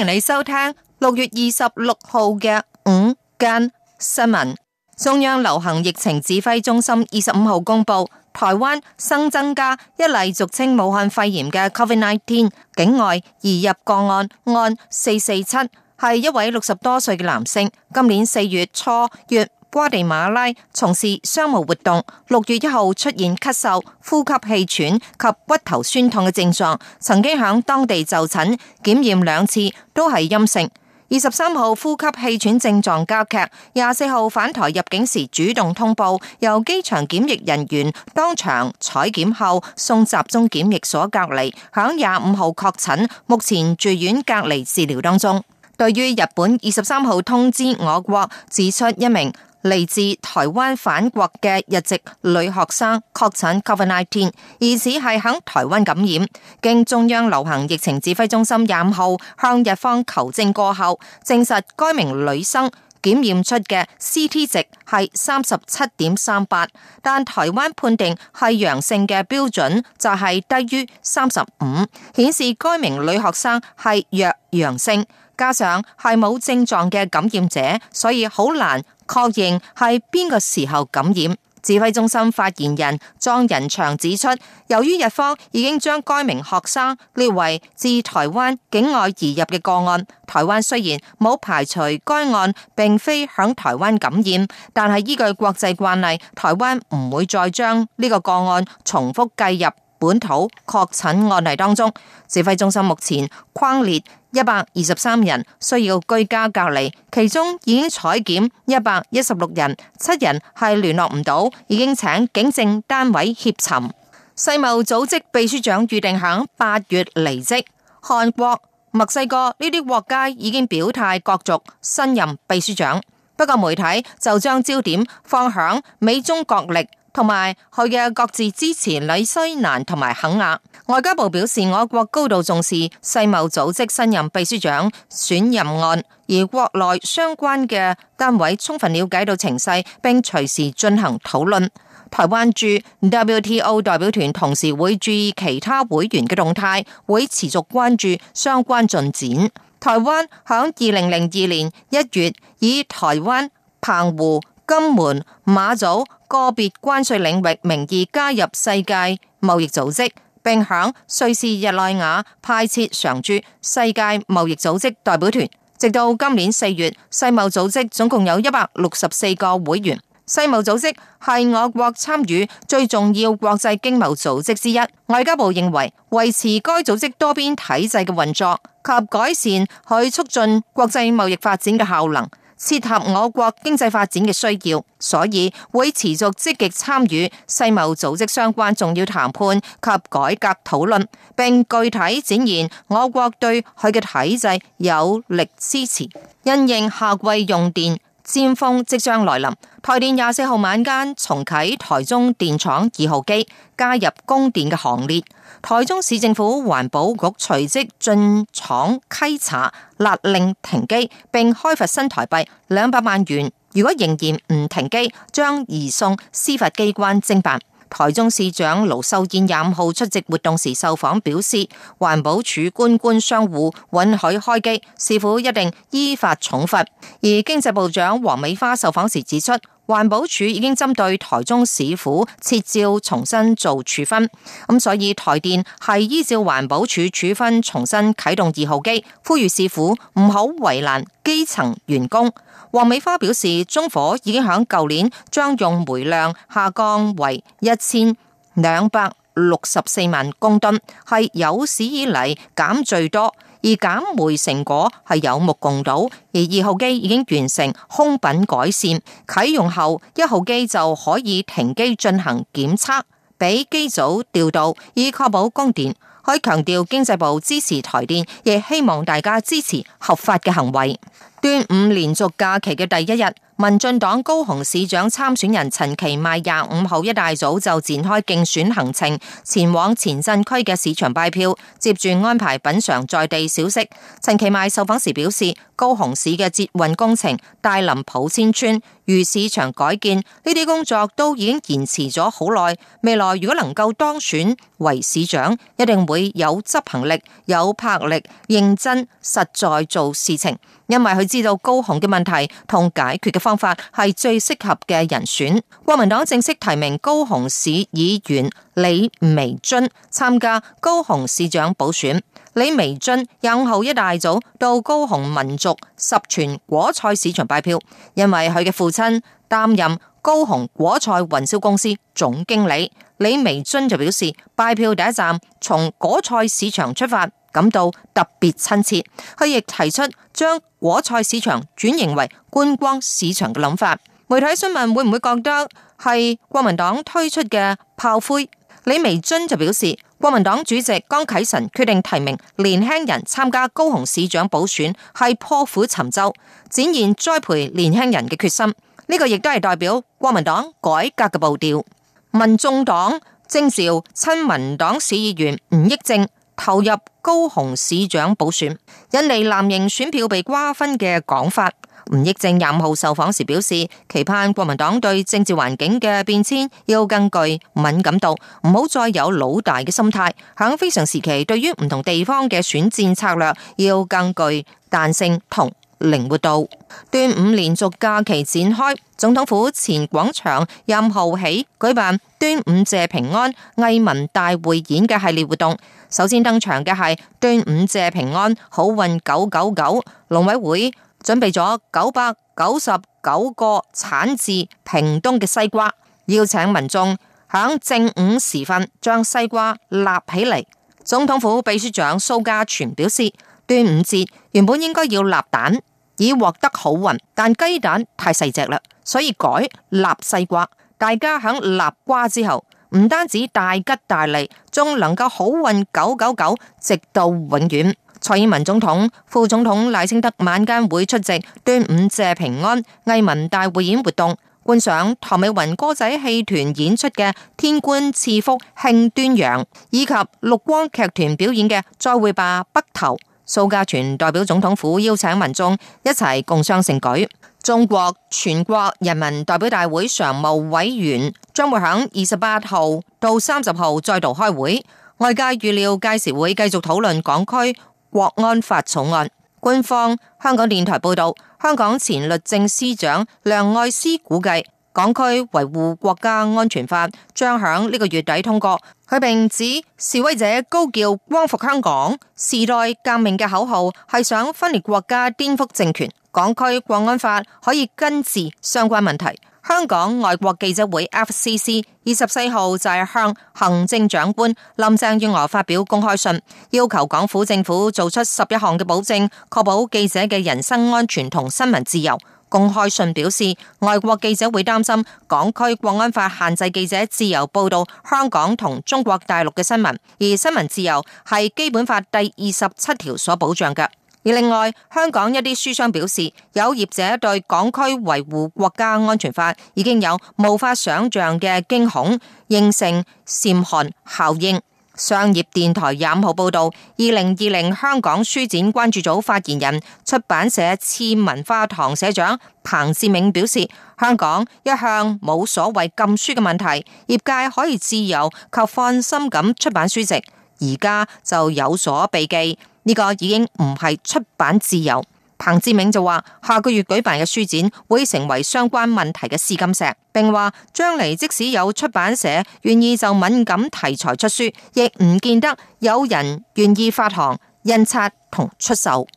歡迎你收聽六月二十六號嘅午間新聞。中央流行疫情指揮中心二十五號公布，台灣新增加一例俗稱武漢肺炎嘅 COVID-19 境外移入個案，案四四七，係一位六十多歲嘅男性，今年四月初月。瓜地馬拉從事商務活動，六月一號出現咳嗽、呼吸氣喘及骨頭酸痛嘅症狀，曾經響當地就診，檢驗兩次都係陰性。二十三號呼吸氣喘症狀加劇，廿四號返台入境時主動通報，由機場檢疫人員當場採檢後送集中檢疫所隔離，響廿五號確診，目前住院隔離治療當中。對於日本二十三號通知我國指出一名。嚟自台灣返國嘅日籍女學生確診 Covid nineteen，疑似係喺台灣感染，經中央流行疫情指揮中心廿五號向日方求證過後，證實該名女生檢驗出嘅 CT 值係三十七點三八，但台灣判定係陽性嘅標準就係低於三十五，顯示該名女學生係弱陽性，加上係冇症狀嘅感染者，所以好難，確認係邊個時候感染。指揮中心發言人莊仁祥指出，由於日方已經將該名學生列為自台灣境外移入嘅個案，台灣雖然冇排除該案並非響台灣感染，但係依據國際慣例，台灣唔會再將呢個個案重複計入。本土確診案例當中，指揮中心目前匡列一百二十三人需要居家隔離，其中已經採檢一百一十六人，七人係聯絡唔到，已經請警政單位協尋。世貿組織秘書長預定喺八月離職，韓國、墨西哥呢啲國家已經表態角逐新任秘書長，不過媒體就將焦點放響美中角力。同埋佢嘅各自支持，李西蘭同埋肯亞外交部表示，我國高度重視世貿組織新任秘書長選任案，而國內相關嘅單位充分了解到情勢，並隨時進行討論。台灣駐 WTO 代表團同時會注意其他會員嘅動態，會持續關注相關進展。台灣響二零零二年一月以台灣澎湖金門、馬祖個別關稅領域名義加入世界貿易組織，並響瑞士日內瓦派設常駐世界貿易組織代表團。直到今年四月，世貿組織總共有一百六十四個會員。世貿組織係我國參與最重要國際經貿組織之一。外交部認為，維持該組織多邊體制嘅運作及改善，去促進國際貿易發展嘅效能。切合我國經濟發展嘅需要，所以會持續積極參與世貿組織相關重要談判及改革討論，並具體展現我國對佢嘅體制有力支持。因應夏季用電，尖峰即將來臨，台電廿四號晚間重啟台中電廠二號機，加入供電嘅行列。台中市政府環保局隨即進廠稽查，勒令停機，並開罰新台幣兩百萬元。如果仍然唔停機，將移送司法機關偵辦。台中市長盧秀燕廿五號出席活動時受訪表示，環保署官官相護，允許開機，市府一定依法重罰。而經濟部長王美花受訪時指出，環保署已經針對台中市府撤照，重新做處分，咁所以台電係依照環保署處分重新啟動二號機，呼籲市府唔好為難基層員工。黃美花表示，中火已經響舊年將用煤量下降為一千兩百六十四萬公噸，係有史以嚟減最多。而減煤成果係有目共睹，而二號機已經完成空品改善，啟用後一號機就可以停機進行檢測，俾機組調度，以確保供電。可以強調經濟部支持台電，亦希望大家支持合法嘅行為。端午連續假期嘅第一日，民進黨高雄市長參選人陳其邁廿五號一大早就展開競選行程，前往前鎮區嘅市場拜票，接住安排品嘗在地小食。陳其邁受訪時表示，高雄市嘅捷運工程、大林蒲遷村、魚市場改建呢啲工作都已經延遲咗好耐。未來如果能夠當選為市長，一定會有執行力、有魄力，認真實在做事情。因為佢知道高雄嘅問題同解決嘅方法係最適合嘅人選。國民黨正式提名高雄市議員李眉蓁參加高雄市長補選。李眉蓁廿五號一大早到高雄民族十全果菜市場拜票，因為佢嘅父親擔任高雄果菜運銷公司總經理。李眉蓁就表示，拜票第一站從果菜市場出發，感到特別親切，佢亦提出將果菜市場轉型為觀光市場嘅諗法。媒體詢問會唔會覺得係國民黨推出嘅炮灰？李眉蓁就表示，國民黨主席江啟臣決定提名年輕人參加高雄市長補選，係破釜沉舟，展現栽培年輕人嘅決心。呢、這個亦都係代表國民黨改革嘅步調，民眾黨徵召親民黨市議員吳益政，投入高雄市長補選，引嚟藍營選票被瓜分嘅講法。吳益政廿五號受訪時表示，期盼國民黨對政治環境嘅變遷要更具敏感度，唔好再有老大嘅心態。響非常時期，對於唔同地方嘅選戰策略要更具彈性同。靈活度。端午連續假期展開，總統府前廣場任號起舉辦端午謝平安藝文大會演嘅系列活動。首先登場嘅係端午謝平安好運九九九，農委會準備咗九百九十九個產自屏東嘅西瓜，邀請民眾響正午時分將西瓜立起嚟。總統府秘書長蘇嘉全表示，端午節原本應該要立蛋。已獲得好運，但雞蛋太細隻啦，所以改立西瓜。大家響立瓜之後，唔單止大吉大利，仲能夠好運九九九，直到永遠。蔡英文總統、副總統賴清德晚間會出席端午謝平安藝文大會演活動，觀賞唐美雲歌仔戲團演出嘅《天官賜福慶端陽》，以及綠光劇團表演嘅《再會吧北投》。蘇嘉全代表總統府邀請民眾一齊共商盛舉。中國全國人民代表大會常務委員將會響二十八號到三十號再度開會。外界預料屆時會繼續討論港區國安法草案。官方香港電台報道，香港前律政司長梁愛詩估計。港區維護國家安全法將喺呢個月底通過，佢並指示威者高叫光復香港、時代革命嘅口號，係想分裂國家、顛覆政權。港區國安法可以根治相關問題。香港外國記者會 FCC 二十四號就係向行政長官林鄭月娥發表公開信，要求港府政府做出十一項嘅保證，確保記者嘅人身安全同新聞自由。公開信表示，外國記者會擔心港區國安法限制記者自由報道香港同中國大陸嘅新聞，而新聞自由係基本法第二十七條所保障嘅。而另外，香港一啲書商表示，有業者對港區維護國家安全法已經有無法想像嘅驚恐，形成寒蟬效應。商業電台廿五號報道，二零二零香港書展關注組發言人、出版社次文化堂社長彭志銘表示，香港一向冇所謂禁書嘅問題，業界可以自由及放心咁出版書籍，而家就有所避忌，呢、這個已經唔係出版自由。彭志銘就話：下個月舉辦嘅書展會成為相關問題嘅試金石，並話將來即使有出版社願意就敏感題材出書，亦唔見得有人願意發行、印刷同出售。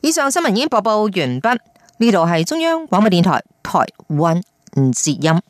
以上新聞已經播報完畢，呢度係中央廣播電台台灣吳志音。